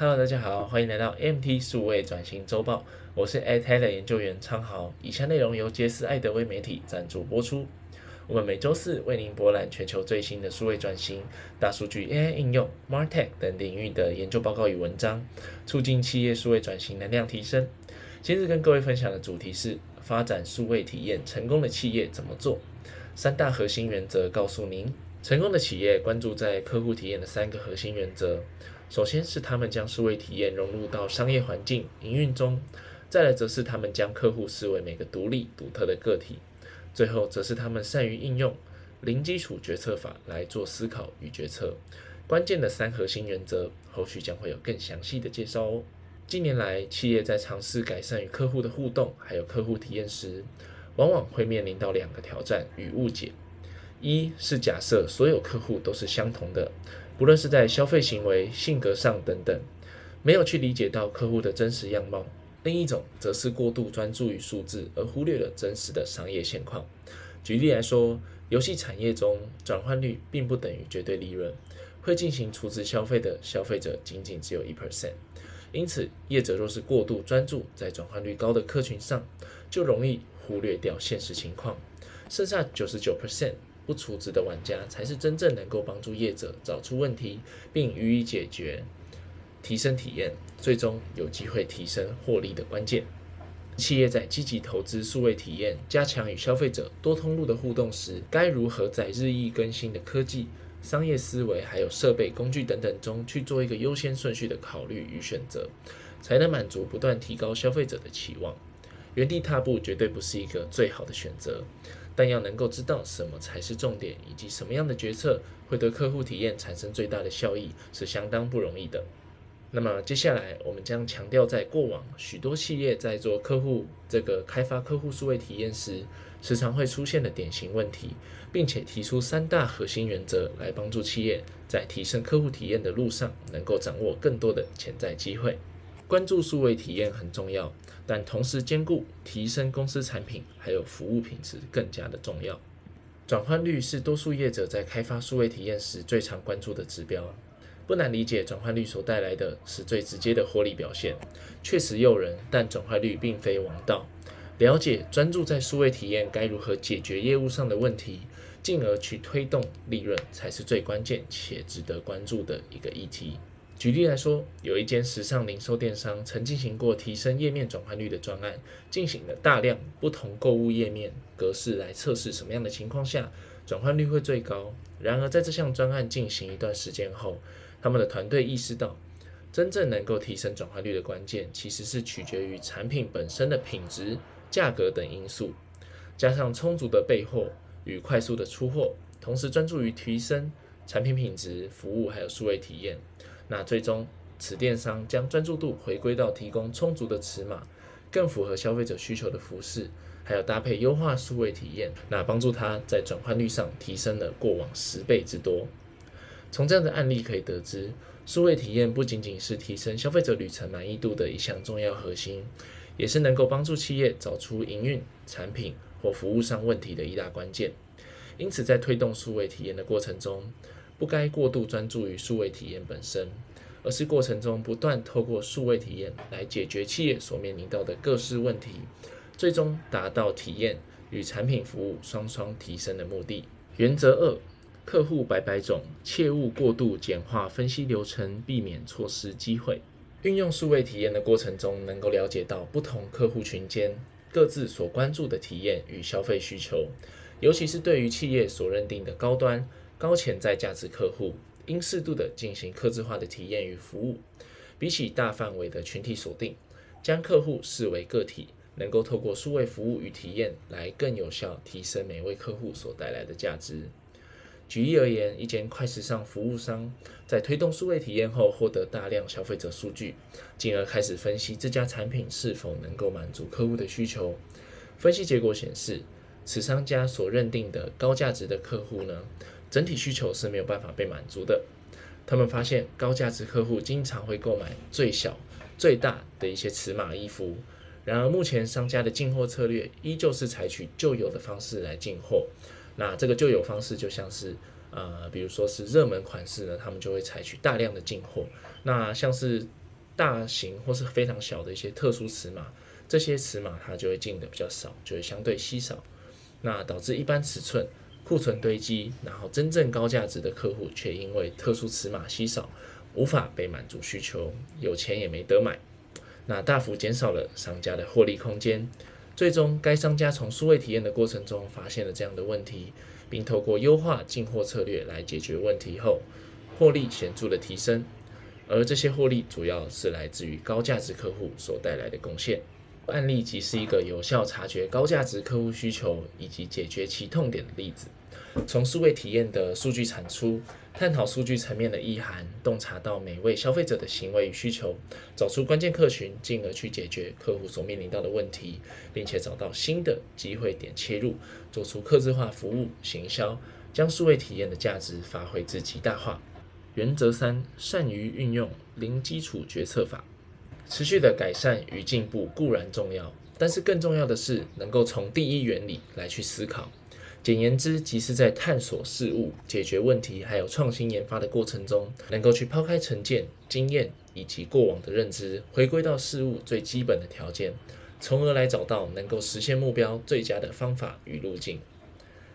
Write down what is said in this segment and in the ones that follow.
Hello，大家好，歡迎來到 AMT 數位轉型週報。我是艾泰的研究員昌豪。以下內容由杰思艾德威媒體贊助播出。我們每周四為您博覽全球最新的數位轉型、大數據、AI 應用、MarTech 等領域的研究報告與文章，促進企業數位轉型能量提升。今日跟各位分享的主題是：發展數位體驗成功的企業怎麼做？三大核心原則告訴您，成功的企業關注在客戶體驗的三個核心原則。首先是他們將數位體驗融入到商業環境營運中，再來則是他們將客戶視為每個獨立獨特的個體，最後則是他們善於應用零基礎決策法來做思考與決策。關鍵的三核心原則，後續將會有更詳細的介紹哦。近年來，企業在嘗試改善與客戶的互動還有客戶體驗時，往往會面臨到兩個挑戰與誤解：一是假設所有客戶都是相同的。不論是在消費行為、性格上等等，沒有去理解到客戶的真實樣貌；另一種則是過度專注於數字，而忽略了真實的商業現況。舉例來說，遊戲產業中轉換率並不等於絕對利潤，會進行儲值消費的消費者僅僅只有一 percent。因此，業者若是過度專注在轉換率高的客群上，就容易忽略掉現實情況，剩下九十九 percent。不處置的玩家才是真正能夠幫助業者找出問題並予以解決、提升體驗，最終有機會提升獲利的關鍵。企業在積極投資數位體驗、加強與消費者多通路的互動時，該如何在日益更新的科技、商業思維還有設備、工具等等中，去做一個優先順序的考慮與選擇，才能滿足不斷提高消費者的期望？原地踏步絕對不是一個最好的選擇。但要能夠知道什麼才是重點，以及什麼樣的決策會對客戶體驗產生最大的效益，是相當不容易的。那麼接下來，我們將強調在過往許多企業在做客戶這個開發客戶數位體驗時，時常會出現的典型問題，並且提出三大核心原則，來幫助企業在提升客戶體驗的路上，能夠掌握更多的潛在機會。關注數位體驗很重要，但同時兼顧提升公司產品還有服務品質更加的重要。轉換率是多數業者在開發數位體驗時最常關注的指標，不難理解轉換率所帶來的是最直接的獲利表現，確實誘人，但轉換率並非王道。了解專注在數位體驗該如何解決業務上的問題，進而去推動利潤才是最關鍵且值得關注的一個議題。舉例來說，有一間時尚零售電商曾進行過提升頁面轉換率的專案，進行了大量不同購物頁面格式來測試什麼樣的情況下轉換率會最高。然而，在這項專案進行一段時間後，他們的團隊意識到，真正能夠提升轉換率的關鍵其實是取決於產品本身的品質、價格等因素，加上充足的備貨與快速的出貨，同時專注於提升產品品質、服務還有數位體驗。那最終，此電商將專注度回歸到提供充足的尺碼、更符合消費者需求的服飾，還有搭配優化數位體驗，那幫助他在轉換率上提升了過往十倍之多。從這樣的案例可以得知，數位體驗不僅僅是提升消費者旅程滿意度的一項重要核心，也是能夠幫助企業找出營運、產品或服務上問題的一大關鍵。因此，在推動數位體驗的過程中，不該過度專注於數位體驗本身，而是過程中不斷透過數位體驗來解決企業所面臨到的各式問題，最終達到體驗與產品服務雙雙提升的目的。原則二：客戶百百種，切勿過度簡化分析流程，避免錯失機會。運用數位體驗的過程中，能夠了解到不同客戶群間各自所關注的體驗與消費需求，尤其是對於企業所認定的高端、高潛在價值客戶應適度地進行客製化的體驗與服務。比起大範圍的群體鎖定，將客戶視為個體，能夠透過數位服務與體驗來更有效提升每位客戶所帶來的價值。舉例而言，一間快時尚服務商在推動數位體驗後，獲得大量消費者數據，進而開始分析這家產品是否能夠滿足客戶的需求。分析結果顯示，此商家所認定的高價值的客戶呢，整體需求是沒有辦法被滿足的。他們發現高價值客戶經常會購買最小、最大的一些尺碼衣服。然而，目前商家的進貨策略依舊是採取舊有的方式來進貨。那這個舊有方式就像是，呃，比如說是熱門款式呢，他們就會採取大量的進貨。那像是大型或是非常小的一些特殊尺碼，這些尺碼它就會進得比較少，就會相對稀少。那導致一般尺寸庫存堆積，然後真正高價值的客戶卻因為特殊尺碼稀少，無法被滿足需求，有錢也沒得買，那大幅減少了商家的獲利空間。最終，該商家從數位體驗的過程中發現了這樣的問題，並透過優化進貨策略來解決問題後，獲利顯著的提升。而這些獲利主要是來自於高價值客戶所帶來的貢獻。案例即是一個有效察覺高價值客戶需求以及解決其痛點的例子。從數位體驗的數據產出，探討數據層面的意涵，洞察到每位消費者的行為與需求，找出關鍵客群，進而去解決客戶所面臨到的問題，並且找到新的機會點切入，做出客制化服務行銷，將數位體驗的價值發揮至極大化。原則三，善於運用零基礎決策法。持續的改善與進步固然重要，但是更重要的是能夠從第一原理來去思考。簡言之，即是在探索事物、解決問題，還有創新研發的過程中，能夠去拋開成見、經驗以及過往的認知，回歸到事物最基本的條件，從而來找到能夠實現目標最佳的方法與路徑。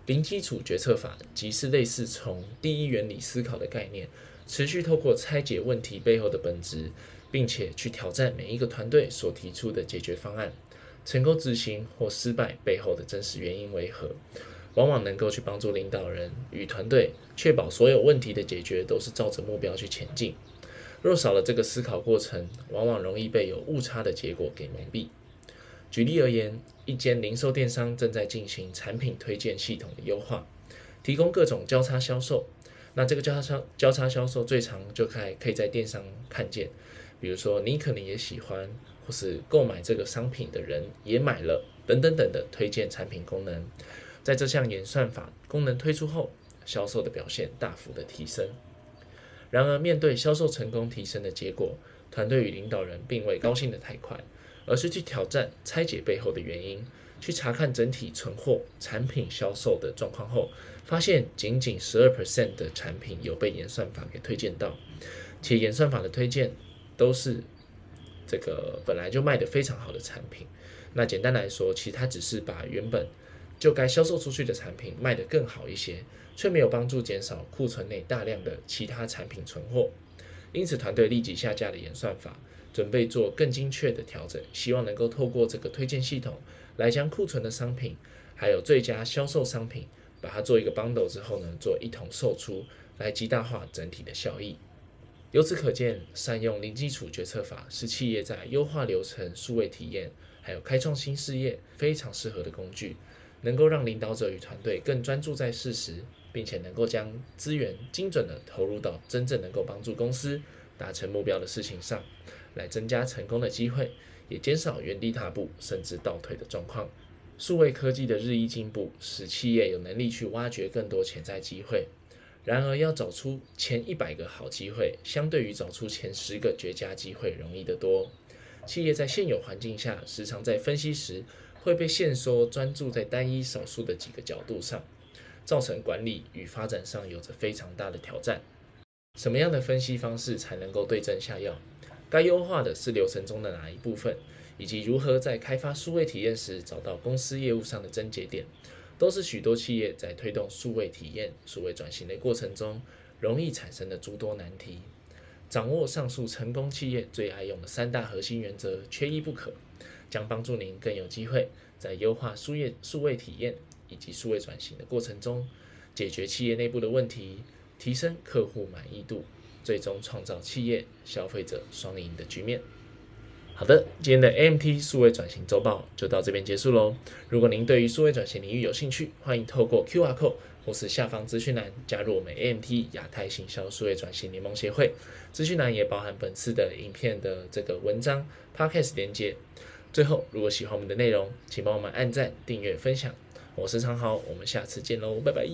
零基礎決策法即是類似從第一原理思考的概念，持續透過拆解問題背後的本質。並且去挑戰每一個團隊所提出的解決方案，成功執行或失敗背後的真實原因為何，往往能夠去幫助領導人與團隊確保所有問題的解決都是照着目標去前進。若少了這個思考過程，往往容易被有誤差的結果給蒙蔽。舉例而言，一間零售電商正在進行產品推薦系統的優化，提供各種交叉銷售。那這個交叉銷交叉銷售最常就開可，可以在電商看見。比如說，你可能也喜歡，或是購買這個商品的人也買了，等等等的推薦產品功能，在這項演算法功能推出後，銷售的表現大幅的提升。然而，面對銷售成功提升的結果，團隊與領導人並未高興得太快，而是去挑戰拆解背後的原因，去查看整體存貨產品銷售的狀況後，發現僅僅十二 percent 的產品有被演算法給推薦到，且演算法的推薦，都是這個本來就賣得非常好的產品，那簡單來說，其實它只是把原本就該銷售出去的產品賣得更好一些，卻沒有幫助減少庫存內大量的其他產品存貨。因此，團隊立即下架了演算法，準備做更精確的調整，希望能夠透過這個推薦系統來將庫存的商品還有最佳銷售商品把它做一個 bundle 之後呢，做一同售出，來極大化整體的效益。由此可見，善用零基礎決策法是企業在優化流程、數位體驗，還有開創新事業非常適合的工具，能夠讓領導者與團隊更專注在事實，並且能夠將資源精準地投入到真正能夠幫助公司達成目標的事情上，來增加成功的機會，也減少原地踏步甚至倒退的狀況。數位科技的日益進步，使企業有能力去挖掘更多潛在機會。然而，要找出前一百個好機會，相對於找出前十個絕佳機會容易得多。企業在現有環境下，時常在分析時會被限縮，專注在單一少數的幾個角度上，造成管理與發展上有着非常大的挑戰。什麼樣的分析方式才能夠對症下藥？該優化的是流程中的哪一部分，以及如何在開發數位體驗時找到公司業務上的症結點？都是許多企業在推動數位體驗、數位轉型的過程中容易產生的諸多難題。掌握上述成功企業最愛用的三大核心原則，缺一不可，將幫助您更有機會在優化數位數位體驗以及數位轉型的過程中，解決企業內部的問題，提升客戶滿意度，最終創造企業消費者雙贏的局面。好的，今天的 AMT 數位轉型周報就到這邊結束嘍。如果您對於數位轉型領域有興趣，歡迎透過 QR code 或是下方資訊欄加入我們 AMT 亞太行銷數位轉型聯盟協會。資訊欄也包含本次的影片的這個文章、Podcast 連結。最後，如果喜歡我們的內容，請幫我們按讚、訂閱、分享。我是長豪，我們下次見嘍，拜拜。